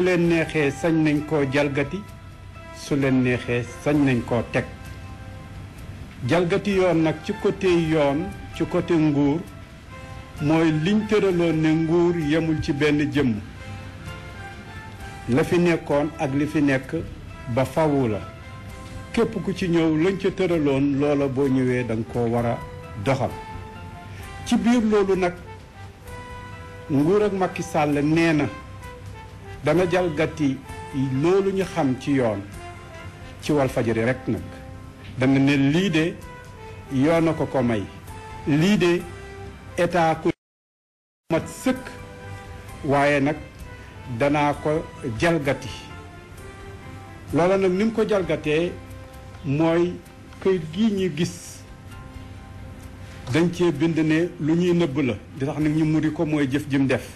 leen neexee sañ nañ koo jalgati su leen neexee sañ nañ koo teg jalgati yoon nag ci ci côté nguur mooy liñ tëraloon ne nguur yemul ci benn jëmm la fi nekkoon ak li fi nekk ba fawu la képp ku ci ñëw lañ ca tëraloon loola boo ñëwee da ko koo war a doxal ci biir loolu nag nguur ak Macky Sall nee na dana jalgati loolu ñu xam ci yoon ci Walfadjri rek nag dana ne lii de yoon ko ko may lii de état ku mat sëkk waaye nag danaa ko jalgati loola nag ni ko jalgatee mooy këyit gi ñu gis dañ cee bind ne lu ñuy nëbb la di tax nag ñu muri ko mooy jëf jim def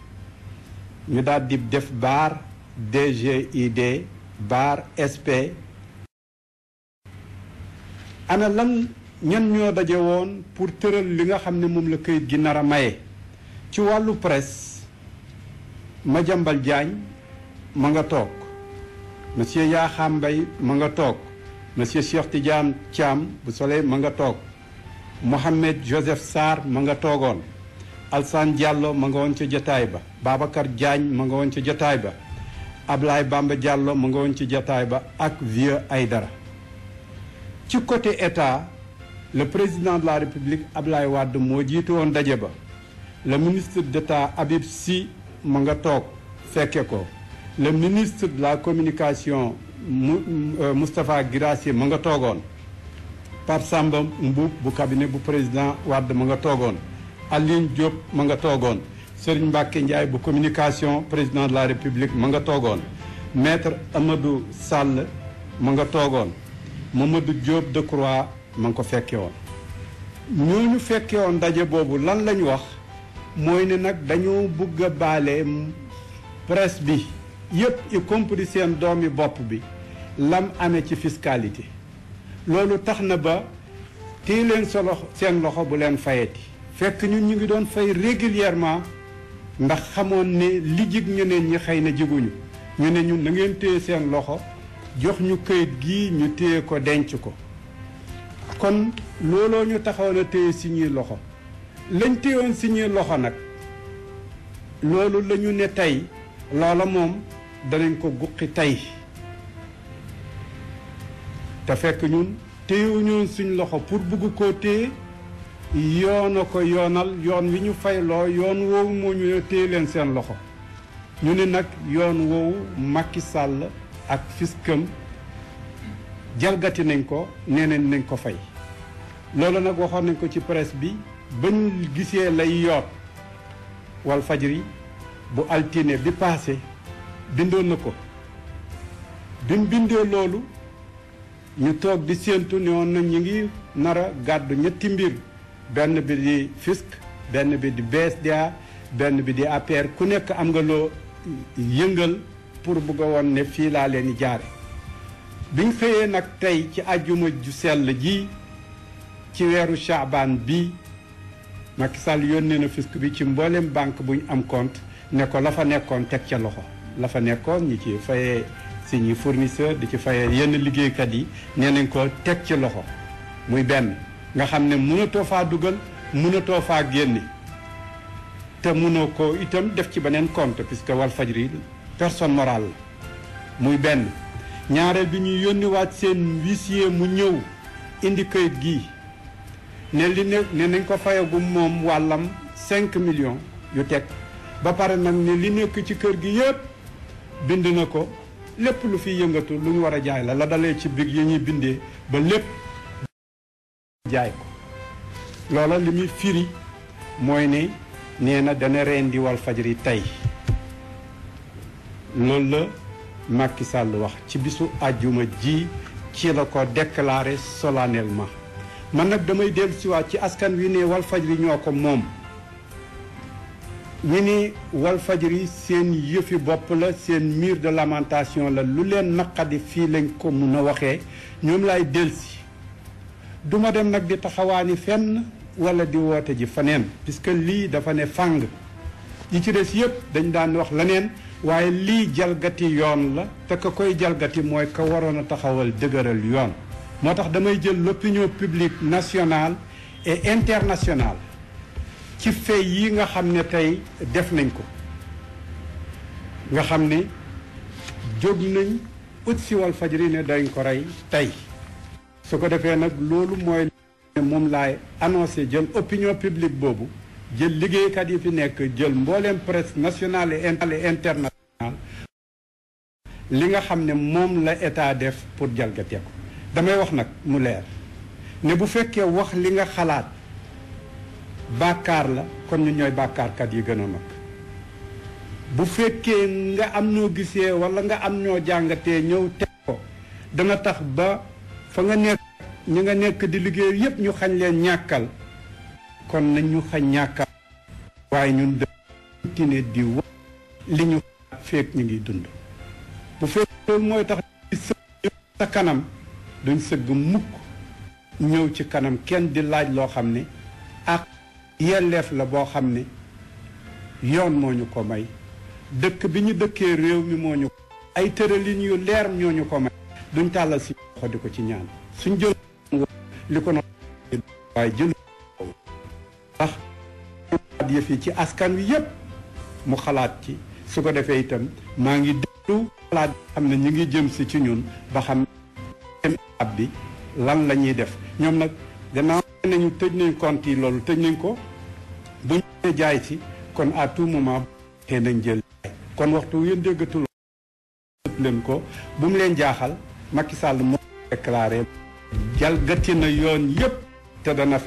ñu daal di def baar DGID baar SP ana lan ñan ñoo daje woon pour tëral li nga xam ne moom la këyit gi nar a maye ci wàllu presse Madiambal Diagne ma nga toog monsieur Yakham ma nga toog monsieur Cheikh Tidiane Thiam bu Soleil ma nga toog Mohamed Joseph saar ma nga toogoon Alsane Diallo ma nga woon ca jotaay ba Babacar Diagne ma nga woon ca jotaay ba Ablaye Bamba Diallo ma nga woon ca jotaay ba ak ay dara ci côté état le président de la république Ablaye Wade moo jiitu woon daje ba le ministre d'état Habib si ma nga toog fekke ko le ministre de la communication euh, Moustapha Guirassy ma nga toogoon par Samba Mboup bu cabinet bu président Wade ma nga toogoon Aline Diop Mangatogon, nga Serigne communication président de la république Mangatogon, maître Amadou Sall Mangatogon, nga Mamadou Diop de Croix, Nous Nous, nous, nous nous Nous woon nous lan Nous wax presse bi bi lam fiscalité loolu tax nous ba téye leen fekk ñun ñu ngi doon fay régulièrement ndax xamoon ne li jig ñeneen ñi xëy na jiguñu ñu ne ñun na ngeen téye seen loxo jox ñu kayit gi ñu téye ko denc ko kon looloo ñu taxawoon a téye suñuy loxo lañ téyewoon suñuy loxo nag loolu lañu ne tey loola moom danañ ko guqi tey te fekk ñun téyewuñoon suñ loxo pour bugg koo téye yoona ko yoonal yoon wi ñu fayloo yoon woowu moo ñu ne téye leen seen loxo ñu ne nag yoon woowu Macky Sall ak fiskam jalgati nañ ko nee nañ ko fay loolu nag waxoon nañ ko ci presse bi bañ gisee lay yoot wal fajri bu altine bi paase bindoon na ko bi bindee loolu ñu toog di séentu ne woon ñu ngi nar a gàddu ñetti mbir benn bi di fisc benn bi di BSDA benn bi di APR ku nekk am nga loo yëngal pour bugg a woon ne fii laa leen di jaare biñ xëyee nag tey ci ajjuma ju sell ji ci weeru Chaabaan bi Macky Sall yónnee na fisc bi ci mboolem banque buñ am kont ne ko la fa nekkoon teg ca loxo la fa nekkoon ñi ci fayee suñuy fournisseur di ci fayee yenn liggéeykat yi nee nañ ko teg ci loxo muy benn nga xam ne mënatoo faa dugal mënatoo faa génne te mënoo ko itam def ci beneen compte puisque Walfadjri personne morale la muy benn ñaareel bi ñuy yónniwaat seen huissier mu ñëw indi kayit gi ne li ne nañ ko fayagum moom wàllam cinq millions yu teg ba pare nag ne li nekk ci kër gi yëpp bind na ko lépp lu fi yëngatu lu ñu war a jaay la la dalee ci big yi ñuy bindee ba lépp jaay ko loola li muy firi mooy ne nee na dana rendi Walfadjri tey loolu la Macky Sall wax ci bisu àjjuma ji ci la ko déclaré solennellement man nag damay dellu siwaat ci askan wi ne Walfadjri ñoo ko moom ñi ni Walfadjri seen yëfi bopp la seen miir de lamentation la lu leen naqadi fii lañ ko mun waxe waxee lay laay delsi duma dem nak di taxawani fenn wala di wote ji fanen puisque li dafa ne fang yi ci des yëpp dañ dan wax leneen waye li jalgati yoon la te ka koy jalgati moy ka warona taxawal degeural yoon motax damay jël l'opinion publique nationale et internationale ci fay yi nga xamne tay def nañ ko nga xam jog nañ ut si Walfadjri ne dañ ko ray tay su ko defee nag loolu mooy moom laay annoncé jël opinion publique boobu jël liggéeykat yi fi nekk jël mbooleem presse nationale et internationale li nga xam ne moom la état def pour jalgatee ko damay wax nag mu leer ne bu fekkee wax li nga xalaat bàkkaar la kon ni ñooy bàkkaarkat yi gën a bu fekkee nga am noo gisee walla nga am ñoo jàngatee ñëw teg ko dana tax ba fa nga nekk ñi nga nekk di liggéey yépp ñu xañ leen ñàkkal kon nañ xañ ñàkkal waaye ñun de continuer di wax li ñu feek ñu ngi dund bu fekk loolu mooy tax sa kanam duñ sëgg mukk ñëw ci kanam kenn di laaj loo xam ne ak yelleef la boo xam ne yoon moo ñu ko may dëkk bi ñu dëkkee réew mi moo ñu ay tëralin yu leer ñoo ñu ko may duñ tàllal si loxo di ko ci ñaan suñ jël li ko no waaye jël ndax xalaat yëf yi ci askan wi yëpp mu xalaat ci su ko defee itam maa ngi déglu xalaat xam ne ñu ngi jëm si ci ñun ba xam ab bi lan la ñuy def ñoom nag gannaaw nañu tëj nañ compte yi loolu tëj nañ ko bu ñu jaay si kon à tout moment tee jël kon waxtu yéen déggatul leen ko bu mu leen jaaxal Macky Sall mo déclaré jalgati na yoon yëpp te dana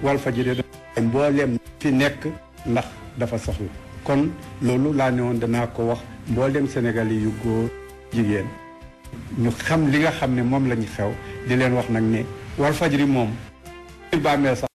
wal Walfadjri dana mbooleem fi nek ndax dafa soxlu kon lolu la néwon dana ko wax mbooleem Sénégalais yu góor jigen ñu xam li nga xamné mom lañu xew di leen wax nak ne Walfadjri moom bàmmeel sax